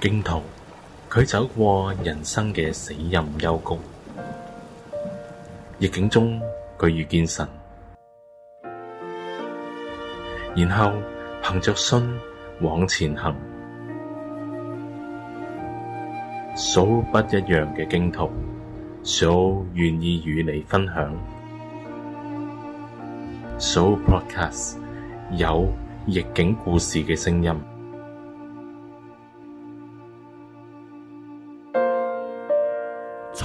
荊徒，佢走過人生嘅死蔭幽谷，逆境中佢遇見神，然後憑着信往前行。數不一樣嘅荊徒，數願意與你分享。數 Podcast 有逆境故事嘅聲音。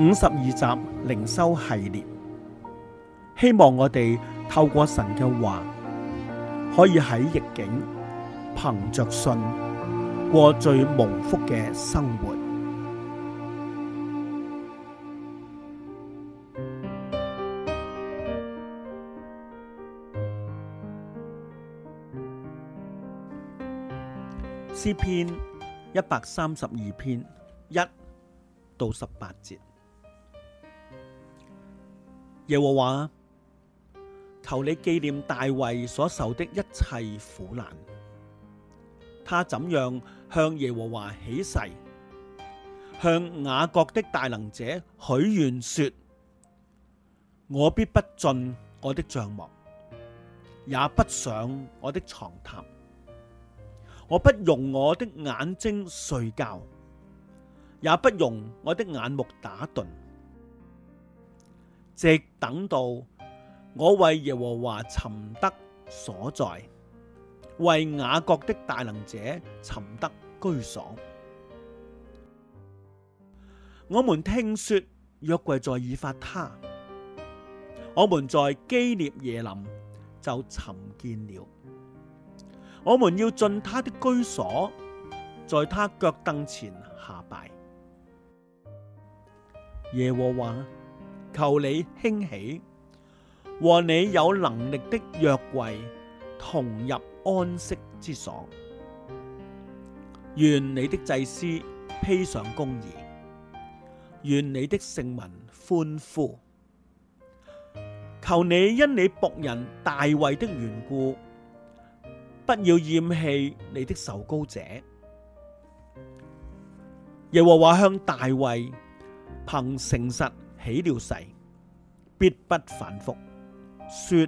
五十二集靈修系列，希望我哋透過神嘅話，可以喺逆境，憑着信過最蒙福嘅生活。詩篇一百三十二篇一到十八節。耶和華，求你紀念大衛所受的一切苦難，他怎樣向耶和華起誓，向雅各的大能者許願，說：我必不進我的帳幕，也不上我的床榻，我不用我的眼睛睡覺，也不用我的眼目打盹。直等到我為耶和華尋得所在，為雅各的大能者尋得居所。我們聽說約櫃在以法他，我們在基列耶林就尋見了。我們要進他的居所，在他腳凳前下拜。耶和華。求你興起，和你有能力的約櫃同入安息之所。願你的祭司披上公義，願你的聖民歡呼。求你因你僕人大衛的緣故，不要厭棄你的受膏者。耶和華向大衛憑誠實。起了誓，必不反覆。說，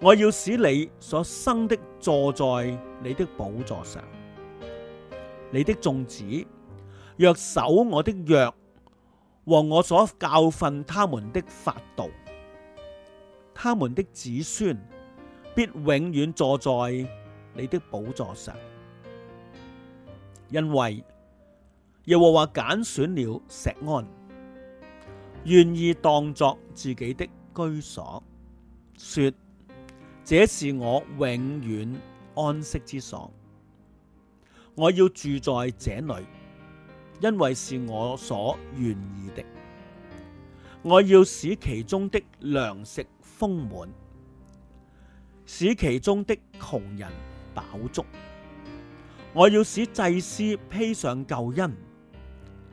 我要使你所生的坐在你的寶座上，你的眾子若守我的約和我所教訓他們的法度，他們的子孫必永遠坐在你的寶座上。因為耶和華揀選了錫安。願意當作自己的居所，說：這是我永遠安息之所。我要住在這裏，因為是我所願意的。我要使其中的糧食豐滿，使其中的窮人飽足。我要使祭司披上救恩，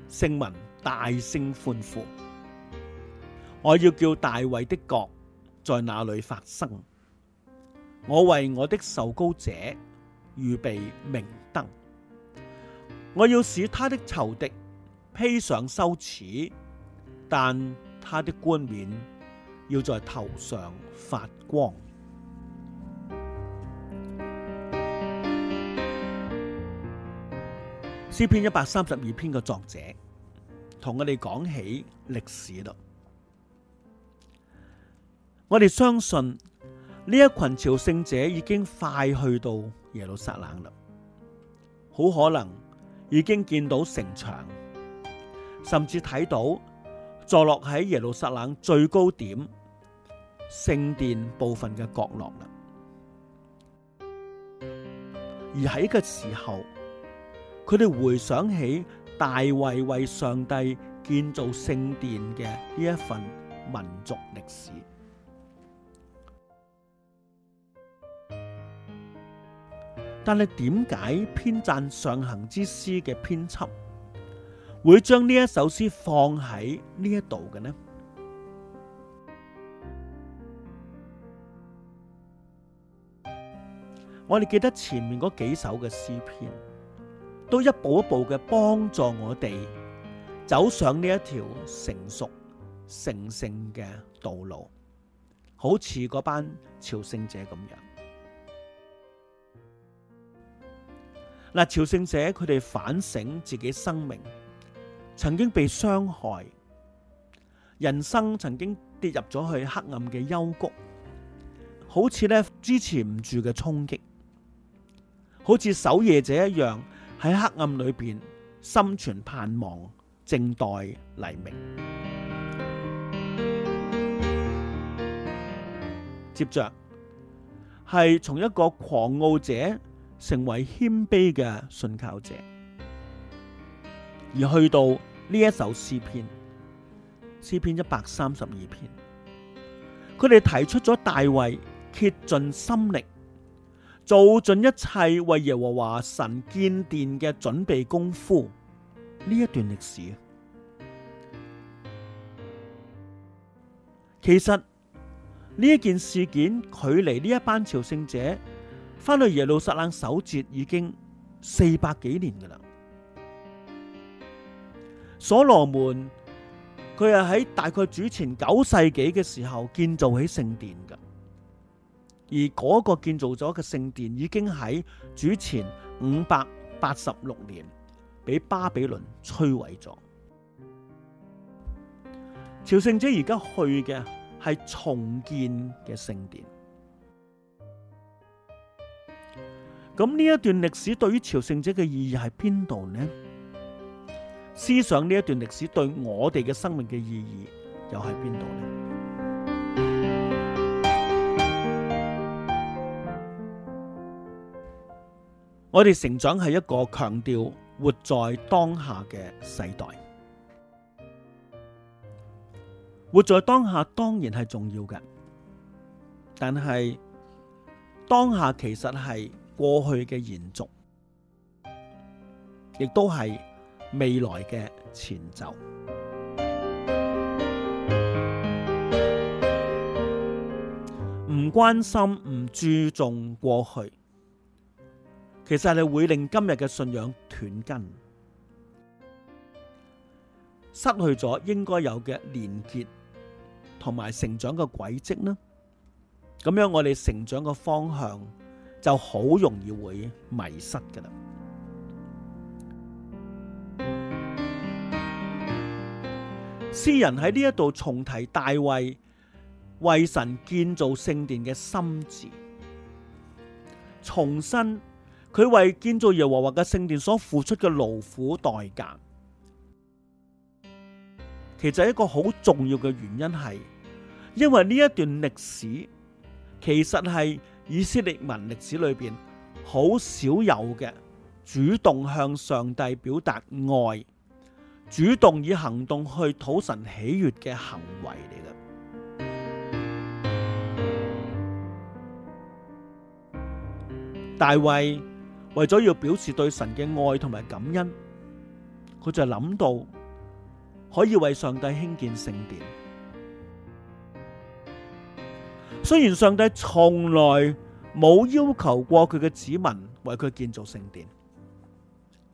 聖民大聲歡呼。我要叫大衛的角在哪裏發生？我為我的受膏者預備明燈。我要使他的仇敵披上羞恥，但他的冠冕要在頭上發光。詩篇一百三十二篇嘅作者同我哋講起歷史度。我哋相信呢一群朝聖者已經快去到耶路撒冷了，好可能已經見到城牆，甚至睇到坐落喺耶路撒冷最高點聖殿部分嘅角落。而喺個時候，佢哋回想起大衛為上帝建造聖殿嘅呢一份民族歷史。但係點解編讚上行之詩嘅編輯會將呢一首詩放喺呢一度嘅呢？我哋記得前面嗰幾首嘅詩篇，都一步一步嘅幫助我哋走上呢一條成熟、成聖嘅道路，好似嗰班朝聖者咁樣。嗱，朝聖者佢哋反省自己生命，曾經被傷害，人生曾經跌入咗去黑暗嘅幽谷，好似呢支持唔住嘅衝擊，好似守夜者一樣喺黑暗裏邊心存盼望，靜待黎明。接着係從一個狂傲者。成為謙卑嘅信靠者，而去到呢一首詩篇，詩篇一百三十二篇，佢哋提出咗大衛竭盡心力做盡一切為耶和華神建殿嘅準備功夫，呢一段歷史。其實呢一件事件，距離呢一班朝聖者。翻去耶路撒冷首節已經四百幾年㗎喇，所羅門佢係喺大概主前九世紀嘅時候建造起聖殿㗎，而嗰個建造咗嘅聖殿已經喺主前五百八十六年俾巴比倫摧毀咗。朝聖者而家去嘅係重建嘅聖殿。咁呢一段歷史對於朝聖者嘅意義係邊度呢？思想呢一段歷史對我哋嘅生命嘅意義又係邊度呢？我哋成長係一個強調活在當下嘅世代，活在當下當然係重要嘅，但係當下其實係。過去嘅延續，亦都係未來嘅前奏。唔關心、唔注重過去，其實係你會令今日嘅信仰斷根，失去咗應該有嘅連結同埋成長嘅軌跡。呢咁樣我哋成長嘅方向。就好容易會迷失㗎喇。詩人喺呢一度重提大衛為神建造聖殿嘅心志，重申佢為建造耶和華嘅聖殿所付出嘅勞苦代價，其實一個好重要嘅原因係，因為呢一段歷史其實係。以色列文歷史裏邊好少有嘅主動向上帝表達愛、主動以行動去討神喜悦嘅行為嚟嘅。大衛為咗要表示對神嘅愛同埋感恩，佢就諗到可以為上帝興建聖殿。雖然上帝從來冇要求過佢嘅子民為佢建造聖殿，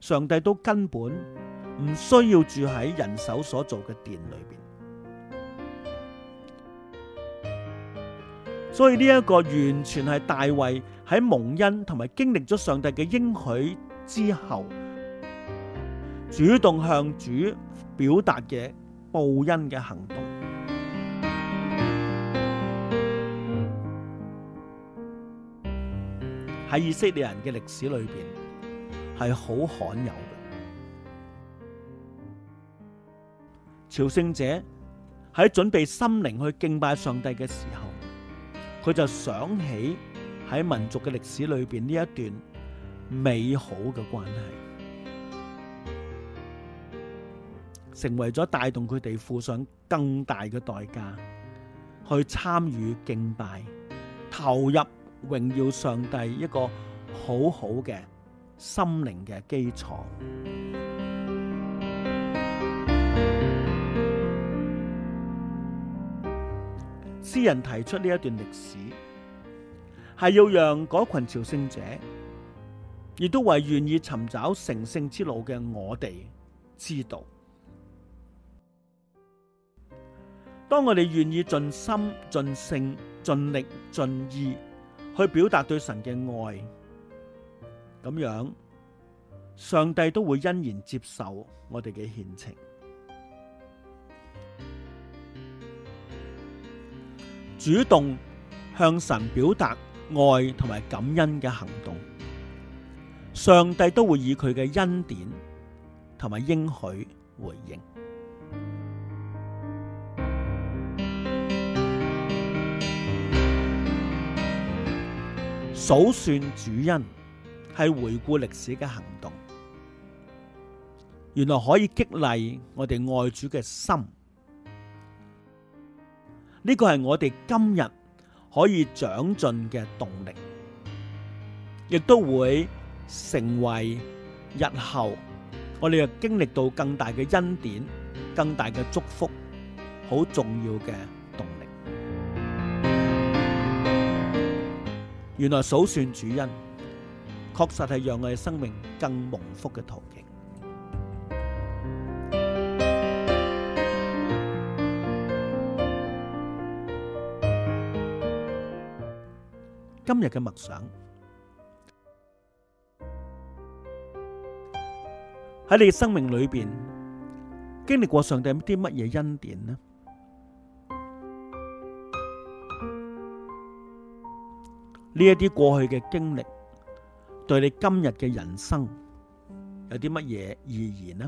上帝都根本唔需要住喺人手所做嘅殿裏邊。所以呢一個完全係大衛喺蒙恩同埋經歷咗上帝嘅應許之後，主動向主表達嘅報恩嘅行動。喺以色列人嘅歷史裏邊，係好罕有嘅。朝聖者喺準備心靈去敬拜上帝嘅時候，佢就想起喺民族嘅歷史裏邊呢一段美好嘅關係，成為咗帶動佢哋付上更大嘅代價去參與敬拜，投入。榮耀上帝一個好好嘅心靈嘅基礎。詩人提出呢一段歷史，係要讓嗰群朝聖者，亦都為願意尋找成聖之路嘅我哋知道。當我哋願意盡心、盡性、盡力、盡意。去表達對神嘅愛，咁樣上帝都會欣然接受我哋嘅獻情，主動向神表達愛同埋感恩嘅行動，上帝都會以佢嘅恩典同埋應許回應。數算主恩，係回顧歷史嘅行動，原來可以激勵我哋愛主嘅心。呢個係我哋今日可以長進嘅動力，亦都會成為日後我哋又經歷到更大嘅恩典，更大嘅祝福，好重要嘅。原來數算主恩，確實係讓我哋生命更蒙福嘅途徑。今日嘅默想，喺你嘅生命裏邊，經歷過上帝啲乜嘢恩典呢？呢一啲過去嘅經歷，對你今日嘅人生有啲乜嘢意義呢？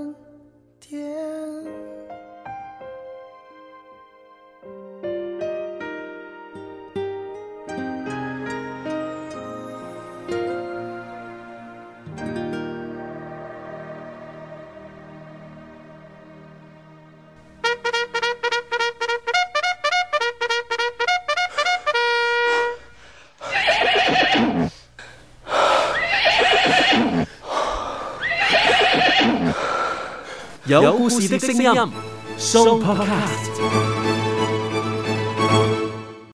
有故事的聲音 Sooopodcast